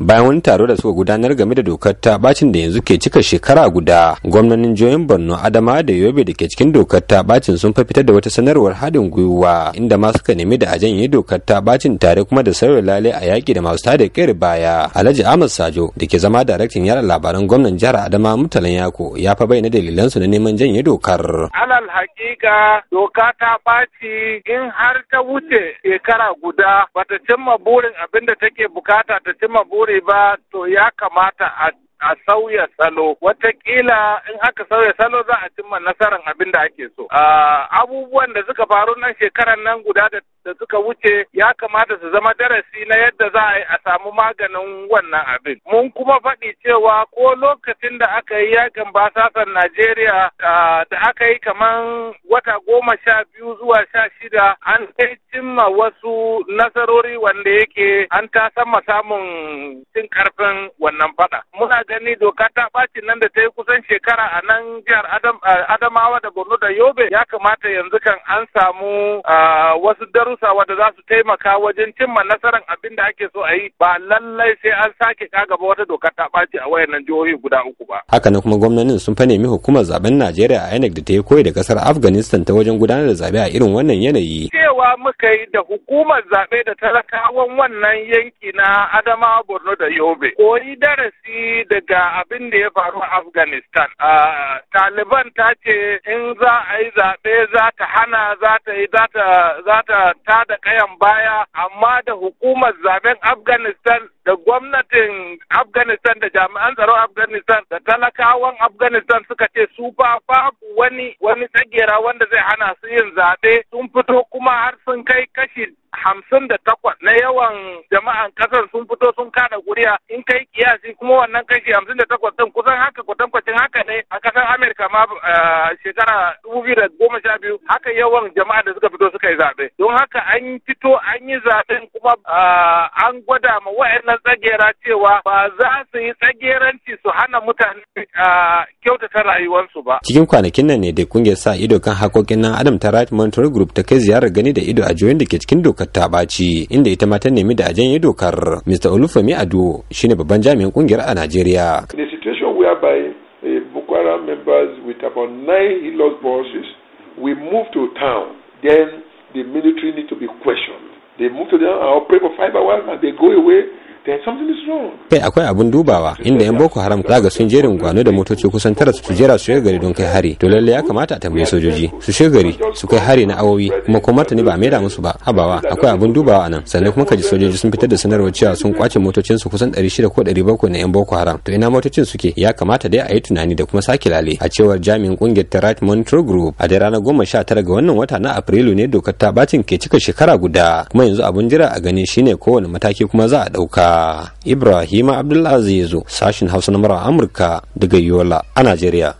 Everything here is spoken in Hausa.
bayan wani taro da suka gudanar game da dokar ta bacin da yanzu ke cika shekara guda gwamnanin jihohin borno adama da yobe da ke cikin dokar ta bacin sun fa fitar da wata sanarwar haɗin gwiwa inda ma suka nemi da a janye dokar ta bacin tare kuma da sauya lale a yaƙi da masu tada kayar baya alhaji ahmad sajo da ke zama daraktan yara labaran gwamnan jihar adama mutalan yako ya fa bayyana su na neman janye dokar alal hakika doka ta baci in har ta wuce shekara guda bata cimma burin abinda take bukata ta cimma burin more ba to ya kamata a sauya salo watakila in aka sauya salo za a cimma nasarar abin da ake so ah, abubuwan da suka faru nan shekarar nan guda da da suka wuce ya kamata su zama darasi na yadda za a yi a samu maganin wannan abin. Mun kuma faɗi cewa ko lokacin da aka yi yakin basasan Najeriya da aka yi kamar wata goma sha biyu zuwa sha shida an kai cimma wasu nasarori wanda yake an ta sama samun cin karfin wannan faɗa. Muna gani doka ta ɓaci nan da ta yi kusan shekara a nan jihar Adamawa da Borno da Yobe ya kamata yanzu kan an samu wasu daru darussa wanda za su taimaka wajen cimma nasarar abin da ake so a yi ba lallai sai an sake gaba wata dokar ta ɓaci a wayannan jihohi guda uku ba. Haka na kuma gwamnanin sun fa nemi hukumar zaben Najeriya a INEC da ta yi koyi da kasar Afghanistan ta wajen gudanar da zabe a irin wannan yanayi. cewa muka yi da hukumar zaɓe da talakawan wannan yanki na Adama Borno da Yobe. Koyi darasi daga abin da ya faru a Afghanistan. Taliban ta ce in za a yi zaɓe za ta hana za ta yi za ta ta da kayan baya amma da hukumar zaɓen Afghanistan da gwamnatin Afghanistan da jami'an tsaron Afghanistan da talakawan Afghanistan suka ce su ba babu wani wani tsagera wanda zai hana su yin zaɓe sun fito kuma har sun kai kashi hamsin da takwas na yawan jama'an kasar sun fito sun kada kuri'a in kai kiyasi kuma wannan kashi hamsin da takwas din kusan haka kwatankwacin haka ne a kasar amerika ma shekara dubu biyu da goma sha biyu haka yawan jama'a da suka fito suka yi zaɓe don haka an fito an yi zaɓen kuma an gwada ma wa'annan tsagera cewa ba za su yi tsageranci su hana mutane ta rayuwarsu ba. Cikin kwanakin nan ne da kungiyar sa ido kan hakokin nan Adam ta Right Monitor Group ta kai ziyarar gani da ido a juyin da ke cikin dokar ta ɓaci inda ita ma ta nemi da a yi dokar. Mr. Olufemi Ado shine babban jami'in kungiyar a Najeriya. The situation whereby a eh, Boko Haram members with about nine hillock bosses we move to town then the military need to be questioned. They move to town and operate for five hours and they go away kai akwai abin dubawa inda yan boko haram zaga sun jerin gwano da motoci kusan tara su jera su shiga gari don kai hari to lalle ya kamata a tambayi sojoji su shiga gari su kai hari na awowi kuma ko martani ba a maida musu ba habawa akwai abin dubawa nan sannan kuma kaji sojoji sun fitar da sanarwar cewa sun kwace motocin su kusan 600 ko 700 na yan boko haram to ina motocin suke ya kamata dai a yi tunani da kuma sake lale a cewar jami'in kungiyar tarat Monitor Group a da ranar 19 ga wannan wata na Afrilu ne dokar ta bacin ke cika shekara guda kuma yanzu abin jira a gani shine kowane mataki kuma za a dauka Ibrahim Abdulaziz sashin Hausa na Amurka daga Yola a Najeriya.